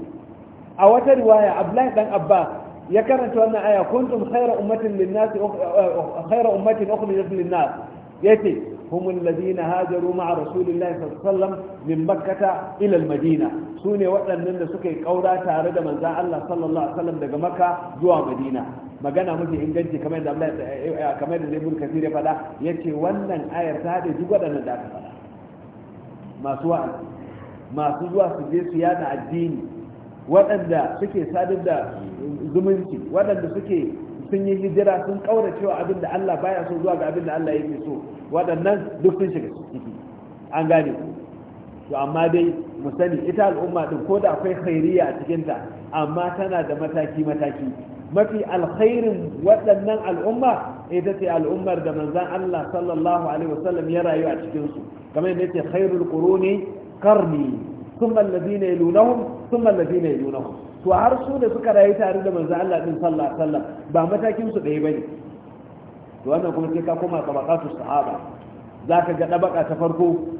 [SPEAKER 1] a wata riwaya abdullahi dan abbas ya karanta wannan aya kuntum khayra ummatin lin-nas eh, khayra ummatin ukhrijat lin-nas yace هم الذين هاجروا مع رسول الله صلى الله عليه وسلم من مكة إلى المدينة سوني وقتاً من سكي قولا تارد من ذا الله صلى الله عليه وسلم دقى مكة جوا مدينة magana mafi inganci kamar da Allah kamar da Ibn ya faɗa wannan ayar ta hade duk waɗannan da faɗa masu zuwa su je su yada addini waɗanda suke sadar zumunci waɗanda suke sun yi hijira sun kaura cewa abin da Allah baya so zuwa ga abin da Allah yake so waɗannan duk sun shiga ciki an gane to amma dai mu sani ita al'umma din ko da akwai khairiyya a cikinta amma tana da mataki mataki mafi alkhairin waɗannan al'umma ita ce al'ummar da manzan Allah sallallahu alaihi wasallam ya rayu a cikin su kamar yadda yake khairul quruni qarni thumma alladhina yalunahum thumma alladhina yalunahum to har su da suka rayu tare da manzan Allah din sallallahu alaihi wasallam ba matakin su ɗaya bane to wannan kuma sai ka koma tabaqatu sahaba zaka ga dabaka ta farko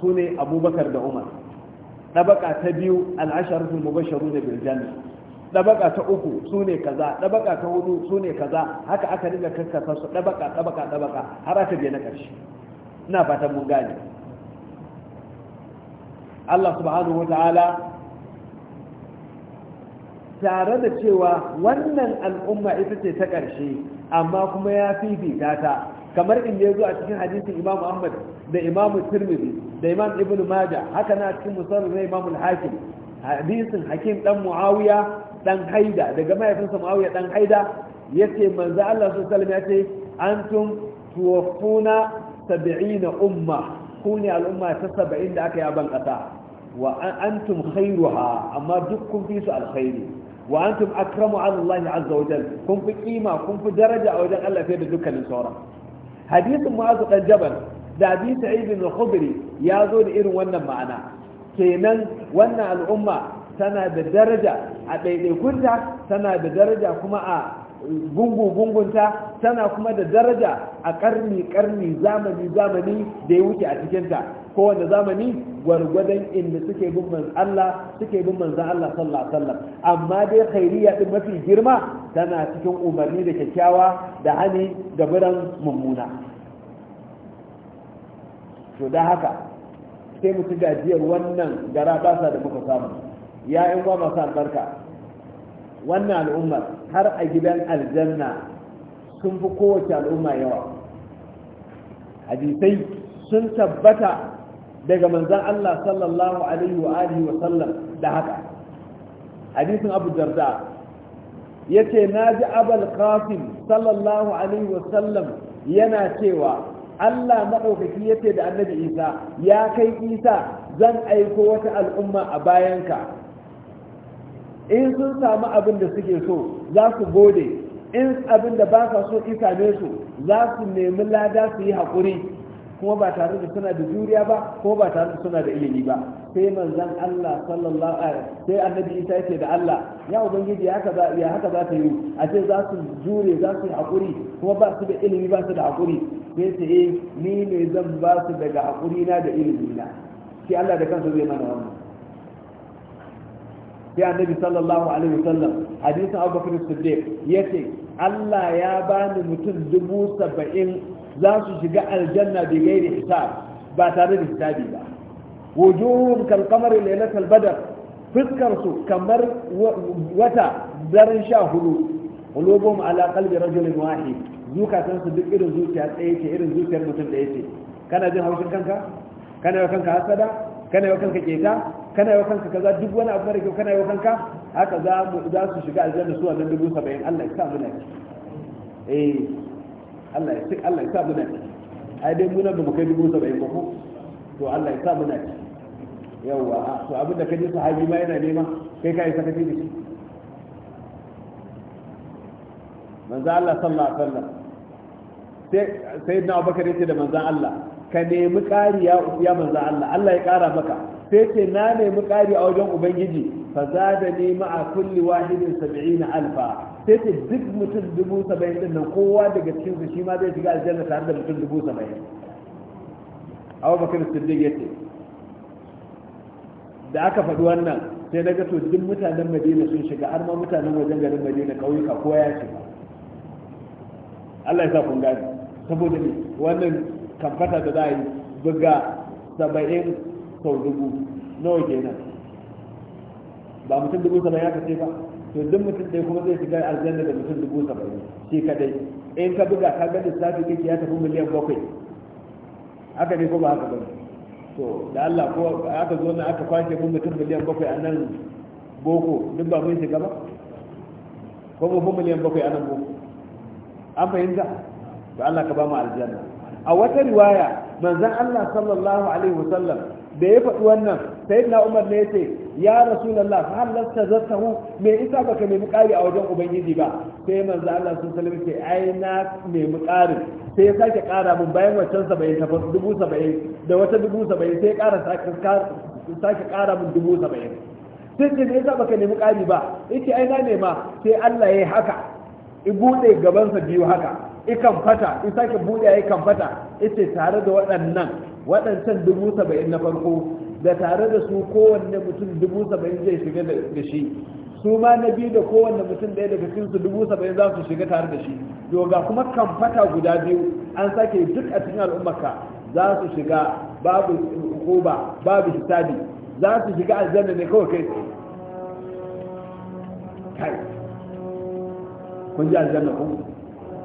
[SPEAKER 1] sune abubakar da umar dabaka ta biyu al-asharatul mubashshiruna bil janna dabaka ta uku sune kaza dabaka ta hudu sune kaza haka aka dinga kakkasa su dabaka dabaka dabaka har aka je na karshe ina fatan mun gane Allah subhanahu wata'ala tare da cewa wannan al'umma ita ce ta ƙarshe amma kuma ya fifita ta kamar in ya zo a cikin hadisin imam ahmad da imam tirmidhi da imam ibn majah haka na cikin musarar na imam al-hakim hadisin hakim dan muawiya dan haida daga mahaifinsa muawiya dan haida yace manzo Allah sallallahu ce wasallam yace antum tuwaffuna 70 umma kuni al'umma ta saba'in da aka yi a ban kasa wa antum khairuha amma duk kun fi su alkhairi wa antum akramu ala Allah azza wa kun fi kima kun fi daraja a wajen Allah fiye da dukkanin sauran hadisin mu'azu dan jabal da abi sa'id bin khudri ya zo da irin wannan ma'ana kenan wannan al'umma tana da daraja a ɗaiɗaikunta tana da daraja kuma a gungu-gungunta tana kuma da daraja a karni-karni zamani-zamani da ya wuce a cikinta kowane zamani gwargwadon inda suke bin manzan Allah suke bin manzan Allah sallallahu alaihi amma dai khairiyya din mafi girma tana cikin umarni da kyakkyawa da hani da biran mummuna to da haka sai mu gajiyar wannan gara basa da muka samu ya yan masu albarka wannan al'ummar har a gidan aljanna sun fi kowace al'umma yawa hadisai sun tabbata daga manzan Allah sallallahu alaihi wa alihi wa sallam da haka hadisin Abu Darda yace naji Abul Qasim sallallahu alaihi wa sallam yana cewa Allah madaukaki yace da Annabi Isa ya kai Isa zan aiko wata al'umma a bayanka in sun samu abin da suke so za su gode in abin da ba sa so isa same su za su nemi lada su yi haƙuri kuma ba tare da suna da juriya ba ko ba tare da suna da ilimi ba sai manzon Allah sallallahu alaihi sai annabi Isa yake da Allah ya ubangiji haka za ya haka za ta yi a ce za su jure za su yi hakuri kuma ba su da ilimi ba su da hakuri sai ce eh ni ne zan ba su daga hakuri na da ilimi na shi Allah da kansa zai mana wannan sai annabi sallallahu alaihi wasallam hadisin abubakar siddiq yace Allah ya bani mutum dubu saba'in za su shiga aljanna bi gairi hisab ba tare da hisabi ba wujuhum kal qamari lailatul badr fuskar su kamar wata daren sha hudu qulubuhum ala qalbi rajulin wahid zukatan su duk irin zuciya tsaye ce irin zuciyar mutum da yake kana jin haushin kanka kana yau kanka hasada kana yau kanka keta kana yi wa kanka kaza duk wani abu mara kyau kana yi wa kanka haka za su shiga aljanna su wannan dubu saba'in Allah ya sa muna ci eh Allah ya sa Allah ya sa muna ai dai muna ba mu kai dubu saba'in ba ko to Allah ya sa muna ci Yawwa, to abin da kaje sahabi ma yana nema kai kai saka ci da shi manzo Allah sallallahu alaihi wasallam sai sayyidina Abubakar yace da manzo Allah ka nemi kariya ya manzo Allah Allah ya kara maka sai ce na nemi ƙari a wajen ubangiji fa za da nemi a kulli wahidin na alfa sai ce duk mutum dubu saba'in din nan kowa daga cikin su shi ma zai shiga aljanna tare da mutum dubu saba'in abu bakar siddiq ya ce da aka faɗi wannan sai na ga to duk mutanen madina sun shiga har ma mutanen wajen garin madina ƙauyuka kowa ya shiga Allah ya sa kun gani saboda ne wannan kamfata da za a yi buga saba'in sau dubu nawa kenan ba mutum dubu saba'in ya kace ba to duk mutum ɗaya kuma zai shiga aljanna da mutum dubu saba'in shi kadai in ka buga ka ga lissafi kake ya tafi miliyan bakwai haka ne ko ba haka ba to da Allah ko aka zo na aka kwashe mun mutum miliyan bakwai a nan boko duk ba mun shiga ba ko mu miliyan bakwai a nan boko an fahimta to Allah ka ba mu aljanna a wata riwaya manzon Allah sallallahu alaihi wasallam da ya faɗi wannan na umar ne ce, ya rasulullah har lasta zattahu me isa baka nemi ƙari a wajen ubangiji ba sai manzo Allah sun salama ce ai na nemi ƙari sai ya sake ƙara mun bayan wancan 70 ta dubu 70 da wata dubu 70 sai ya ƙara sake ƙara mun dubu 70 sai ce me yasa baka nemi ƙari ba yace ai na nema sai Allah yayi haka i buɗe gabansa biyu haka i kan fata i sake buɗe ya kan fata ita tare da waɗannan waɗancan dubu saba'in na farko da tare da su kowanne mutum dubu saba'in zai shiga da shi su ma na biyu da kowanne mutum ɗaya daga cikin su dubu saba'in za su shiga tare da shi to ga kuma kan fata guda biyu an sake duk a cikin al'ummarka za su shiga babu hukuba babu hisabi za su shiga aljanna ne kawai kai tsaye kun ji aljanna ko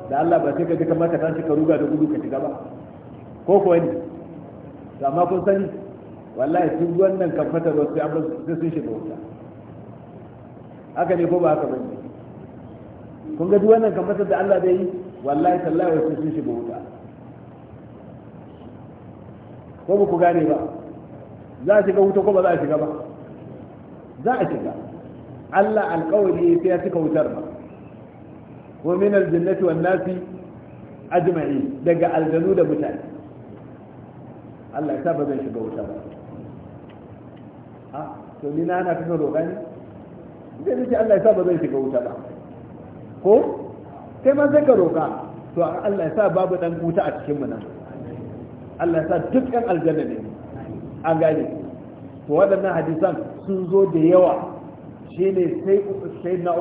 [SPEAKER 1] da Allah ba sai ka duka ka tashi ka ruga da gudu ka shiga ba ko ko ne amma kun sani wallahi duk wannan kan fata ba sai abin sai sun shiga wuta haka ne ko ba haka bane kun ga duk wannan kan fata da Allah bai yi wallahi tallahi sai sun shiga wuta ko ba ku gane ba za a shiga wuta ko ba za a shiga ba za a shiga Allah alƙawari sai ya cika wutar ba wa min aljannati nasi ajma'in daga aljanu da mutane Allah ya saba zan shiga wuta ba a ah, to ni na ana kasa roƙa ne zai nake Allah ya saba zan shiga wuta ba ko kai ma sai roƙa to Allah ya sa babu dan wuta a cikin mu Allah ya sa duk ɗan aljanna ne an gane waɗannan hadisan sun zo da yawa sai na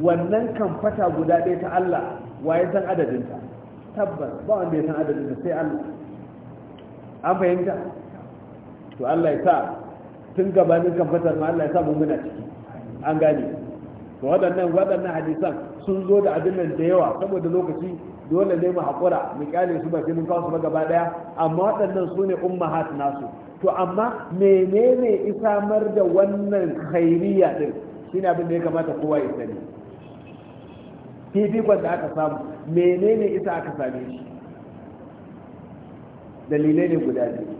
[SPEAKER 1] wannan kamfata guda ɗaya ta Allah waye san adadinta tabbas ba wanda ya san adadinta sai Allah an fahimta to Allah ya sa tun gabanin kamfatar ma Allah ya sa mun muna ciki an gane to waɗannan waɗannan hadisan sun zo da abin nan da yawa saboda lokaci dole ne mu haƙura mu kyale su ba sai mun kawo su ba gaba ɗaya amma waɗannan su ne ummahat nasu to amma menene isamar da wannan khairiyya din shine abin da ya kamata kowa ya sani fifikon da aka samu menene isa aka same shi dalilai ne guda biyu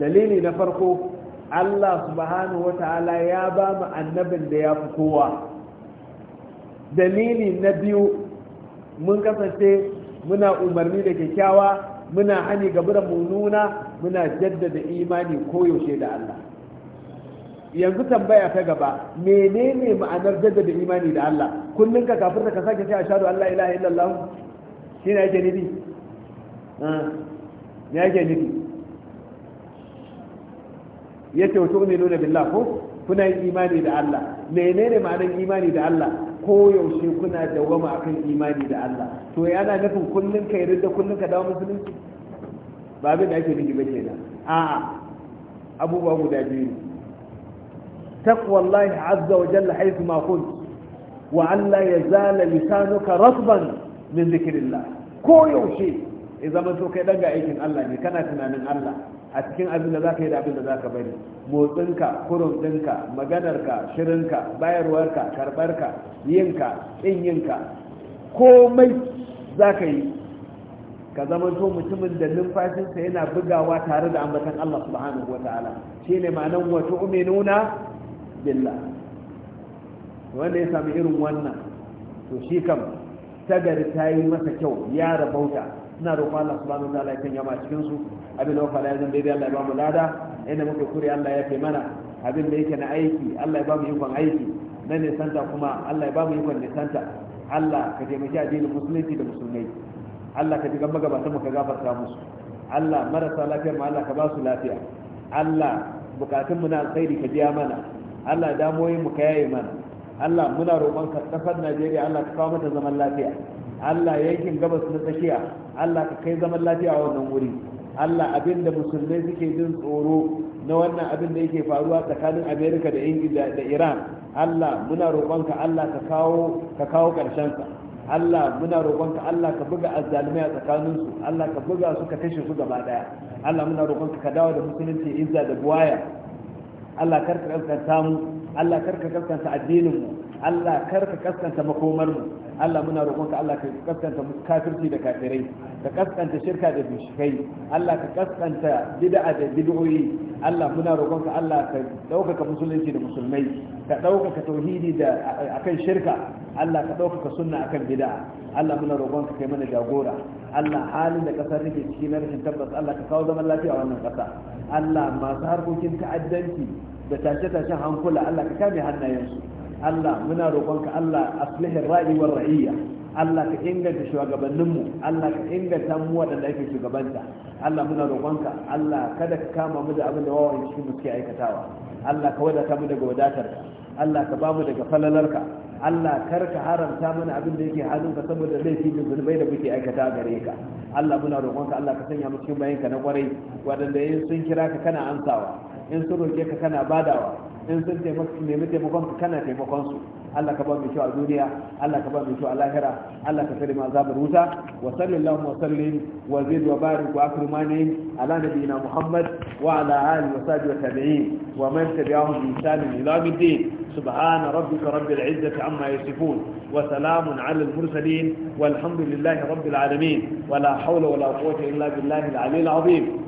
[SPEAKER 1] dalili na farko Allah subhanahu wa ta'ala ya ba mu annabin da ya fi kowa dalili na biyu mun kasance muna umarni da kyakkyawa muna hani ga biran mununa muna jaddada imani koyaushe da Allah yanzu tambaya ta gaba menene ma'anar jaddada imani da Allah kullun ka da ka sake cewa ashhadu Allah? la ilaha illallah shine yake nufi ne yake nufi yace wato ne nuna billah ko kuna yin imani da Allah menene ma'anar imani da Allah ko yaushe kuna dawama akan imani da Allah to yana nufin kullun ka yarda kullun ka dawo musulunci ba abin da ake nidi ba kenan a'a abubuwa guda biyu تقوى الله عز وجل حيث ما كنت وأن لا يزال لسانك رطبا من ذكر الله كو يوشي إذا ما سوك دنجا أيكين الله ني كان تنانين الله أتكين أبن ذاك إذا أبن ذاك بني موتنك كرم دنك مغنرك شرنك بايرورك كربرك ينك إن ينك komai za ka yi ka zamanto mutumin da numfashinsa yana bugawa tare da ambatan Allah subhanahu wa ta'ala shi ne ma'anan wa tu'minuna billah wanda ya sami irin wannan to shi kam tagar ta yi masa kyau ya rabauta ina roƙon Allah subhanahu wa ta'ala ya kanya cikin su abin da wafa ya zan daidai Allah ya bamu lada inda muke kuri Allah ya kai mana abin da yake na aiki Allah ya bamu ikon aiki na nisanta kuma Allah ya bamu mu ikon nisanta Allah ka taimaki addinin musulunci da musulmai Allah ka ji gamba gabatan mu ka gafarta musu Allah marasa lafiyar mu Allah ka ba su lafiya Allah bukatunmu na alkhairi ka biya mana Allah damoyin mu ka yaye mana Allah muna roƙon ka kasar Najeriya Allah ka kawo mata zaman lafiya Allah yankin gabas na tsakiya Allah ka kai zaman lafiya a wannan wuri Allah abin da musulmai suke jin tsoro na wannan abin da yake faruwa tsakanin Amerika da Ingila da Iran Allah muna roƙonka Allah ka kawo ka kawo ƙarshen Allah muna roƙonka Allah ka buga azzalumai a tsakaninsu. Allah ka buga su ka kashe su gaba daya Allah muna roƙonka ka dawo da musulunci izza da buwaya Allah kar ka kaskanta mu Allah kar ka kaskanta addinin mu Allah kar ka kaskanta makomar mu Allah muna roƙonka Allah ka kaskanta kafirci da kafirai ka kaskanta shirka da bishikai Allah ka kaskanta bid'a da bid'o'i Allah muna roƙonka Allah ka ɗaukaka musulunci da musulmai ka ɗaukaka tauhidi da akan shirka Allah ka ɗaukaka sunna akan bid'a Allah muna roƙonka kai mana jagora Allah halin da ƙasar nake ciki na rashin tabbas Allah ka kawo zaman lafiya a wannan ƙasa Allah masu harkokin ta'addanci da tashe-tashen hankula Allah ka kame hannayensu Allah muna roƙonka Allah aslihin ra'i war ra'iyya Allah ka inganta shugabanninmu Allah ka inganta mu waɗanda ake shugabanta Allah muna roƙonka Allah kada ka kama mu da abin da wawan cikin mu suke aikatawa Allah ka wadata mu daga wadatarka Allah ka ba mu daga falalarka Allah kar ka haramta mana abin da yake hannunka saboda laifi da zunubai da muke aikata gare ka Allah muna roƙonka Allah ka sanya mu cikin bayanka na ƙwarai. waɗanda in sun kira ka kana amsawa in sun roƙe ka kana badawa in sun nemi taimakon su kana taimakon su Allah ka ba mu kyau a duniya Allah ka ba mu kyau a lahira Allah ka kare mu azabar wuta wa sallallahu wa sallim wa zid wa barik wa akrimani ala nabiyina Muhammad wa ala alihi wa sahbihi wa tabi'in wa man tabi'ahum bi ihsan ila yawmiddin سبحان ربك رب العزة عما يصفون وسلام على المرسلين والحمد لله رب العالمين ولا حول ولا قوة إلا بالله العلي العظيم